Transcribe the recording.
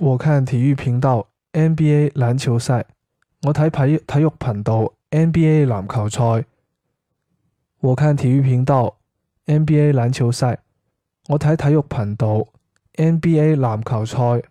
我看體育頻道 NBA 籃球賽，我睇體體育頻道 NBA 籃球賽，我看體育頻道 NBA 籃球賽，我睇體育頻道 NBA 籃球賽。